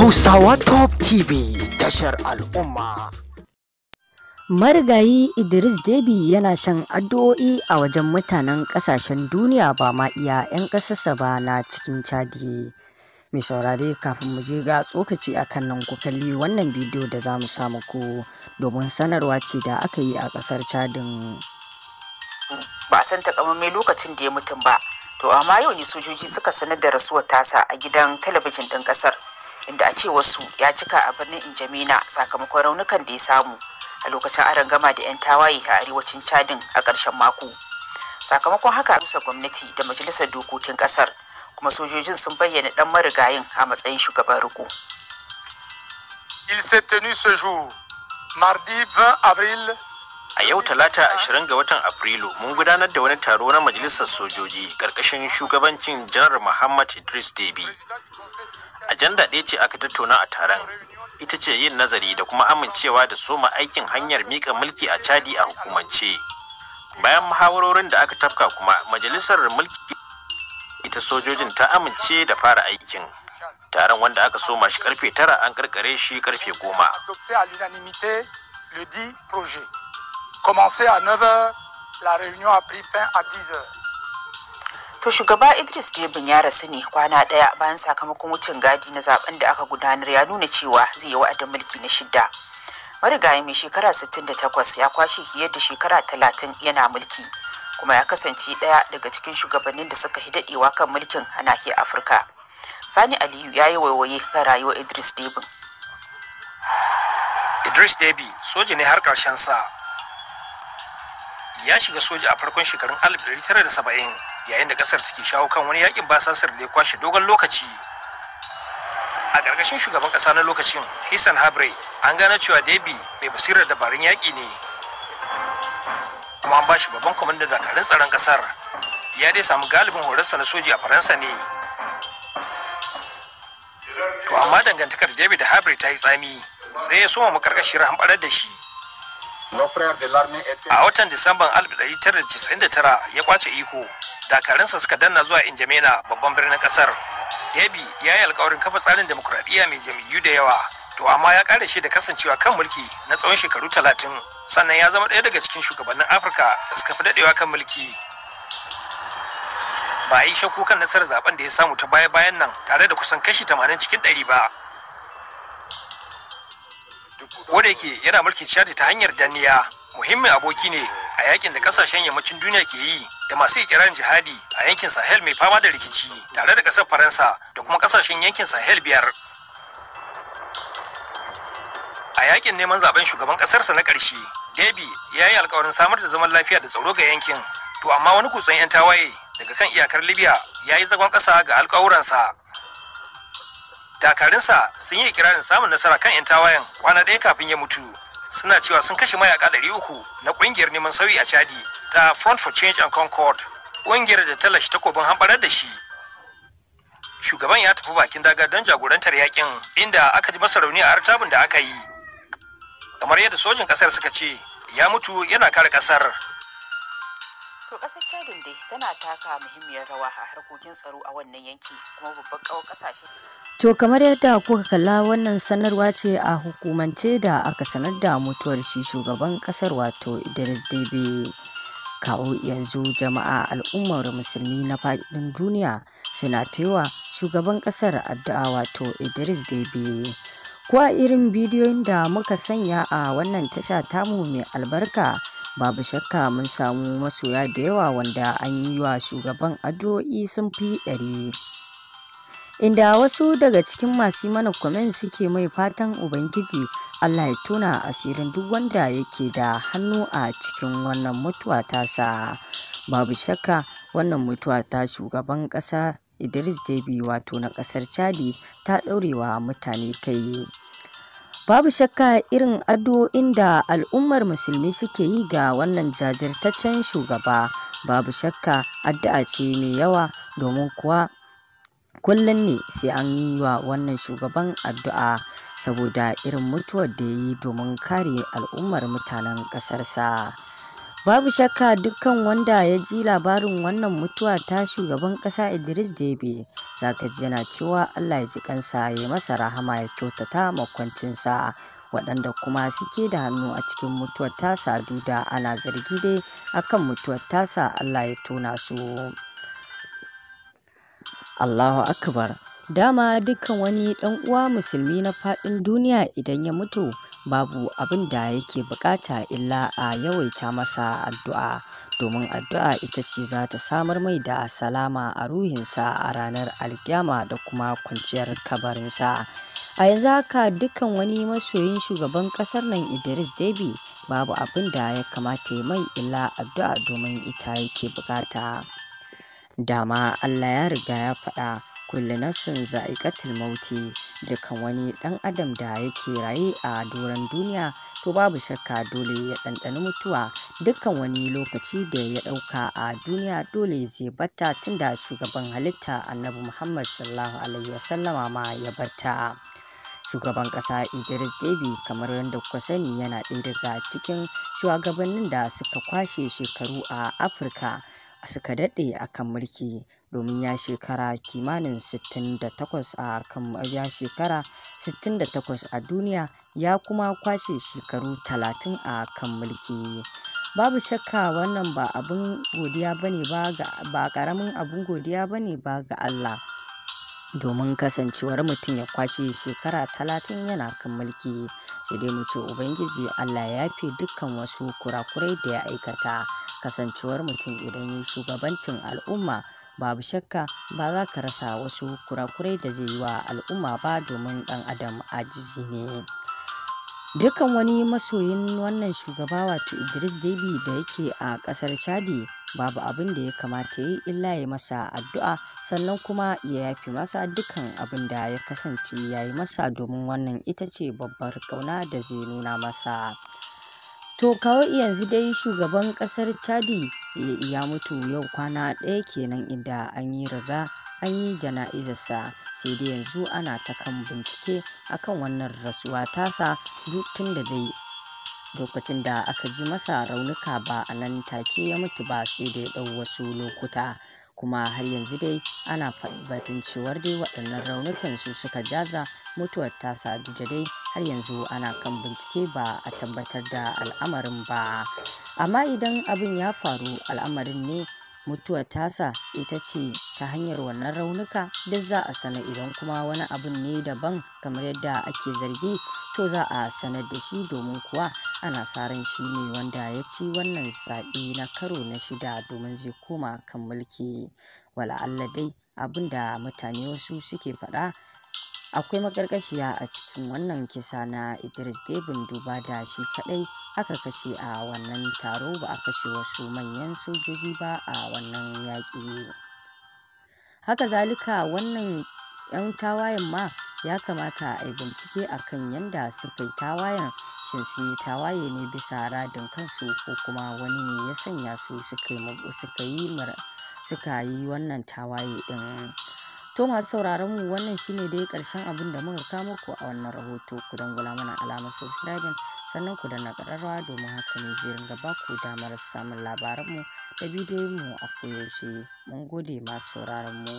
Hausawa Top TV tashar al'umma. Marigayi Idris Debi yana shan addu'o'i a wajen mutanen ƙasashen duniya ba ma iya 'yan ƙasarsa ba na cikin Chadi. Mai saurare kafin mu je ga tsokaci a kan nan ku kalli wannan bidiyo da za mu samu ku domin sanarwa ce da aka yi a ƙasar Chadin. Ba a san takamaimai lokacin da ya mutum ba, to amma yau ne sojoji suka sanar da rasuwar tasa a gidan talabijin ɗin ƙasar. inda a ce wasu ya cika a birnin injamina sakamakon raunukan da ya samu a lokacin aron gama da 'yan tawaye a arewacin chadin a ƙarshen mako sakamakon haka rusa gwamnati da majalisar dokokin ƙasar kuma sojojin sun bayyana ɗan marigayin a matsayin shugaban riko A yau talata 20 ga watan Afrilu mun gudanar da wani taro na majalisar sojoji ƙarƙashin shugabancin janar Muhammad Idris Debi ajanda ɗaya ce aka tattauna a taron ita ce yin nazari da kuma amincewa da soma aikin hanyar miƙa mulki a chadi a hukumance bayan muhawarorin da aka tafka kuma majalisar mulki ita sojojin ta amince da fara aikin taron wanda aka soma shi karfe tara an karkare shi karfe goma Le à 9h, la réunion a pris fin à 10h. To shugaba Idris Debin ya rasu ne kwana ɗaya bayan sakamakon wucin gadi na zaben da aka gudanar ya nuna cewa zai yi wa'adin mulki na shidda. Marigayi mai shekara 68 ya kwashe fiye da shekara 30 yana mulki kuma ya kasance ɗaya daga cikin shugabannin da suka hi daɗewa kan mulkin a nahiyar Afirka. Sani Aliyu ya yi waiwaye ga rayuwar Idris Debin. Idris Deby soja ne har karshen sa. Ya shiga soja a farkon shekarun 1970 yayin da kasar take shawo kan wani yakin basasar da ya kwashe dogon lokaci a ƙarƙashin shugaban ƙasa na lokacin hisan habre an gano cewa debi mai basirar dabarun yaƙi ne kuma an ba shi babban kwamandan dakarun tsaron ƙasar ya dai samu galibin horarsa na soji a faransa ne to amma dangantakar debi da habre ta yi tsami sai ya soma makarƙashiyar hamɓarar da shi a watan disamban 1999 ya kwace iko dakaransa suka danna zuwa injamena babban birnin kasar debi ya yi alkawarin kafa tsarin demokuraɗiyya mai jam'iyyu da yawa to amma ya kare shi da kasancewa kan mulki na tsawon shekaru talatin sannan ya zama ɗaya daga cikin shugabannin afirka da suka fi daɗewa kan mulki ba a yi shakku kan nasarar zaben da ya samu ta baya bayan nan tare da kusan kashi tamanin cikin ɗari ba wadda yake yana mulki chadi ta hanyar danniya muhimmin aboki ne a yakin da kasashen yammacin duniya ke yi da masu ikirarin jihadi a yankin sahel mai fama da rikici tare da kasar faransa da kuma kasashen yankin sahel biyar a yakin neman zaben shugaban kasarsa na ƙarshe, debi ya yi alkawarin samar da zaman lafiya da tsaro ga yankin to amma wani kutsen 'yan tawaye daga kan iyakar libya ya yi zagon kasa ga alkawuransa Dakarinsa sun yi ikirarin samun nasara kan 'yan tawayen kwana ɗaya kafin ya mutu suna cewa sun kashe mayaka uku na ƙungiyar neman sauyi a chadi ta front for change and concord ƙungiyar da ta kobin takobin hambarar da shi shugaban ya tafi bakin daga don jagorantar yakin inda aka ji masa rauni a artabin da aka yi kamar yadda sojin kasar suka ce ya mutu yana kare kasar To ƙasar Chadin dai tana taka muhimmiyar rawa a harkokin tsaro a wannan yanki kuma babban ƙawar ƙasashe. To kamar yadda kuka kalla wannan sanarwa ce a hukumance da aka sanar da mutuwar shi shugaban ƙasar wato Idris Debe. kawo yanzu jama'a al'ummar musulmi na faɗin duniya suna taiwa shugaban ƙasar addu'a wato idris debe ko a irin bidiyon da muka sanya a wannan tasha tamu mai albarka babu shakka mun samu masoya da yawa wanda an yi wa shugaban addu'o'i sun fi ɗari inda wasu daga cikin masu mana kwamen suke mai fatan ubangiji allah ya tuna asirin duk wanda yake da hannu a cikin wannan mutuwa tasa babu shakka wannan mutuwa ta shugaban ƙasa idris debi wato na ƙasar chadi ta ɗaurewa mutane kai Babu shakka irin addu'o'in da al'ummar musulmi suke yi ga wannan jajirtaccen shugaba, babu shakka addu'a ce mai yawa domin kuwa kullum ne sai an yi wa wannan shugaban addu'a saboda irin mutuwar da ya yi domin kare al'ummar mutanen ƙasarsa. Babu shakka dukkan wanda ya ji labarin wannan mutuwa ta shugaban ƙasa Idris Debe zaka ji yana cewa Allah ya ji kansa ya masa rahama ya kyautata makwancin sa waɗanda kuma suke da hannu a cikin mutuwar tasa duda ana zargi dai akan mutuwar tasa Allah ya tona su. Allahu Akbar dama dukkan wani ɗan uwa musulmi na faɗin duniya idan ya mutu babu abin da yake buƙata illa a yawaita masa addu'a domin addu'a ita ce za ta samar mai da salama a ruhinsa a ranar alkyama da kuma kwanciyar kabarinsa. A yanzu haka dukkan wani masoyin shugaban kasar nan Idris debi babu abin da ya kamata ya mai illa addu'a domin ita yake bukata. Dama Allah ya riga ya faɗa kulle nasin za'iqatul mauti dukkan wani dan adam da yake raye a doron duniya to babu shakka dole ya ɗanɗani mutuwa dukkan wani lokaci da ya ɗauka a duniya dole zai batta tunda shugaban halitta annabi muhammad sallallahu alaihi wasallama ma ya batta shugaban ƙasa idris debi kamar yadda kuka sani yana ɗaya daga cikin shugabannin da suka kwashe shekaru a afirka suka daɗe a kan mulki domin ya shekara kimanin 68 a kan ya shekara 68 a duniya ya kuma kwashe shekaru 30 a kan mulki. babu shakka wannan ba abin godiya bane ba ga ba ƙaramin abin godiya bane ba ga Allah domin kasancewar mutum ya kwashe shekara talatin yana kan mulki sai dai mu ce ubangiji allah ya fi dukkan wasu kurakurai da ya aikata kasancewar mutum idan shugabancin al'umma babu shakka ba za ka rasa wasu kurakurai da zai yi wa al'umma ba domin dan adam ajiji ne Dukkan wani masoyin wannan shugaba wato Idris Deby da yake a kasar Chadi babu abin da ya kamata yayi illa ya masa addu'a sannan kuma ya yafi masa dukkan abin da ya kasance ya yi masa domin wannan ita ce babbar ƙauna da zai nuna masa. To kawo yanzu dai shugaban ƙasar Chadi eh, ya mutu yau kwana ɗaya kenan inda an yi riga an yi jana'izarsa sai dai yanzu ana ta kan bincike akan wannan rasuwa tasa duk tun da dai lokacin da aka ji masa raunuka ba a nan take ya mutu ba sai dai ɗau wasu lokuta kuma har yanzu dai ana batun cewar dai waɗannan raunukan su suka jaza mutuwar tasa duk da dai har yanzu ana kan bincike ba a tabbatar da al'amarin ba amma idan abin ya faru al'amarin ne mutuwar tasa ita ce ta hanyar wannan raunuka duk za a sanar idan kuma wani abu ne daban kamar yadda ake zargi to za a sanar da shi domin kuwa ana sa ran shi ne wanda ya ci wannan zaɓe na karo na shida domin zai koma kan mulki wala abin da mutane wasu suke faɗa akwai magargashiya a cikin wannan kisa na idris debin duba da shi kadai aka kashe a wannan taro ba a kashe wasu manyan sojoji ba a wannan yaƙi haka zalika wannan 'yan tawayen ma ya kamata a yi bincike a kan yadda suka yi tawayen shin sun yi tawaye ne bisa radin kansu ko kuma wani ne ya sanya su suka yi wannan tawaye din To masu sauraron mu wannan shine dai karshen abin da muka kawo muku a wannan rahoto ku dangula mana alamar subscribing sannan ku danna kararrawa domin haka ne zai ringa ba ku damar samun labaran mu da bidiyon mu a koyaushe mun gode masu sauraron mu